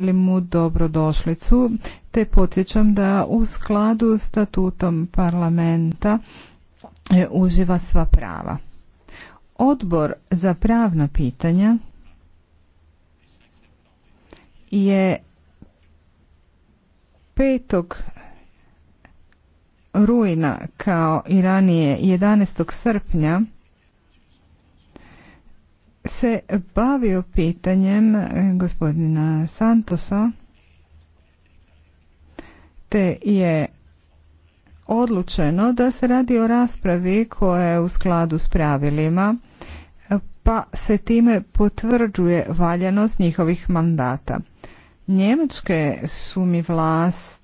želim mu dobrodošlicu te podsjećam da u skladu s statutom parlamenta e, uživa sva prava. Odbor za pravna pitanja je 5. rujna kao i ranije 11. srpnja se bavio pitanjem eh, gospodina Santosa te je odlučeno da se radi o raspravi koja je u skladu s pravilima pa se time potvrđuje valjanost njihovih mandata. Njemačke su mi vlasti